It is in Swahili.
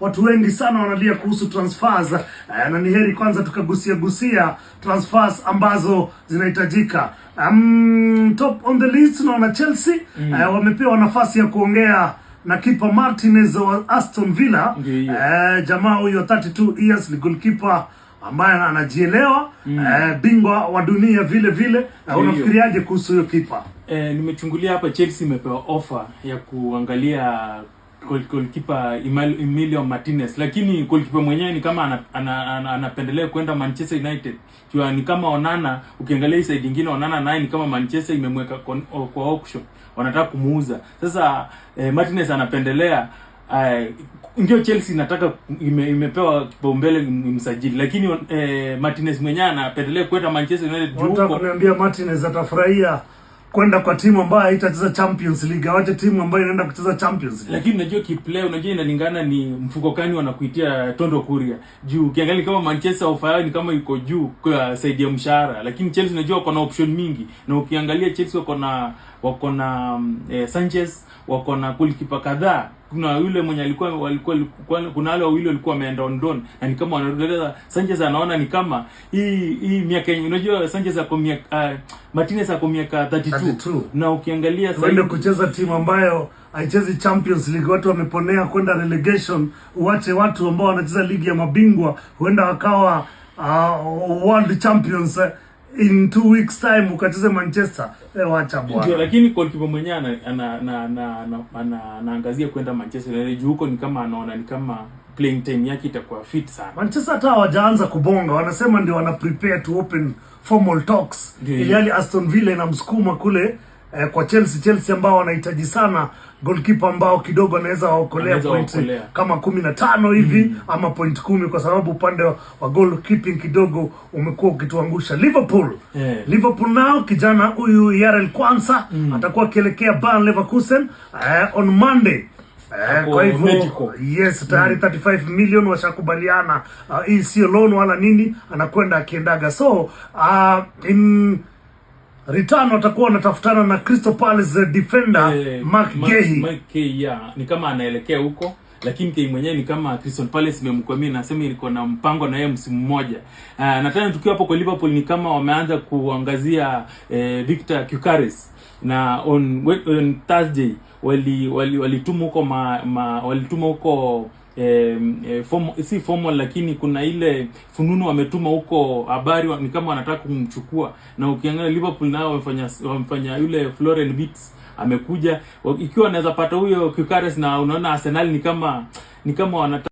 Watu wengi sana wanalia kuhusu transfers eh, na ni heri kwanza tukagusia gusia transfers ambazo zinahitajika. Um, top on the list naona Chelsea mm. Uh, wamepewa nafasi ya kuongea na kipa Martinez wa Aston Villa yeah. yeah. Uh, jamaa huyo 32 years ni goalkeeper ambaye anajielewa mm. Uh, bingwa wa dunia vile vile yeah, uh, unafikiriaje kuhusu huyo kipa? Eh, nimechungulia hapa Chelsea imepewa offer ya kuangalia goalkeeper Emilio Martinez, lakini goalkeeper mwenyewe ni kama anapendelea ana, ana, ana kwenda Manchester United. Jua ni kama Onana, ukiangalia hii side nyingine Onana naye ni kama Manchester imemweka kwa kwa auction, wanataka kumuuza. Sasa eh, Martinez anapendelea eh, ndio Chelsea inataka ime, imepewa kipaumbele msajili, lakini eh, Martinez mwenyewe anapendelea kwenda Manchester United. Nataka kuniambia Martinez atafurahia kwenda kwa timu ambayo haitacheza Champions League, awache timu ambayo inaenda kucheza Champions League. Lakini unajua kiplay, unajua inalingana ni mfuko gani wanakuitia tondo kuria juu. Ukiangalia kama Manchester United ni kama yuko juu kwa saidi ya mshahara, lakini Chelsea unajua wako na option mingi, na ukiangalia Chelsea wako na wako na mm, eh, Sanchez wako na kulikipa kadhaa kuna yule mwenye alikuwa walikuwa kuna wale wawili walikuwa wameenda ondoni na ni kama wanaendeleza. Sanchez anaona ni kama hii hii miaka yenyewe, unajua Sanchez ako miaka uh, Martinez ako miaka 32, 32, na ukiangalia sasa ndio kucheza timu ambayo haichezi Champions League, watu wameponea kwenda relegation, uache watu ambao wanacheza ligi ya mabingwa huenda wakawa uh, world champions eh in two weeks time ukacheze Manchester, eh, wacha bwana. Ndio, lakini goalkeeper mwenyewe ana ana ana anaangazia kwenda Manchester na juu huko ni kama anaona ni kama playing time yake itakuwa fit sana. Manchester hata hawajaanza kubonga, wanasema ndio wana prepare to open formal talks. Ilhali yaani Aston Villa inamsukuma kule eh, kwa Chelsea. Chelsea ambao wanahitaji sana goalkeeper ambao kidogo anaweza waokolea point kama kumi na tano hivi mm, ama point kumi kwa sababu upande wa goalkeeping kidogo umekuwa ukituangusha Liverpool. Yeah. Liverpool nao kijana huyu Yarel Kwanza mm, atakuwa akielekea Bayer Leverkusen eh, on Monday. Eh, kwa hivyo yes, tayari mm. 35 million washakubaliana. Uh, hii sio loan wala nini, anakwenda akiendaga so uh, in return watakuwa wanatafutana na Crystal Palace defender eh, Mark Gay. Mark Ni kama anaelekea huko lakini kei mwenyewe ni kama Crystal Palace imemkwamia, nasema ilikuwa na mpango na yeye msimu mmoja. Uh, na tena tukiwa hapo kwa Liverpool ni kama wameanza kuangazia eh, Victor Kukares na on, on Thursday wali walituma wali huko ma, ma walituma huko e, e, form, si formal lakini kuna ile fununu wametuma huko habari ni kama wanataka kumchukua, na ukiangalia Liverpool nao wamefanya wamefanya yule Florian beats amekuja, ikiwa anaweza pata huyo Gyökeres, na unaona Arsenal ni kama ni kama wanata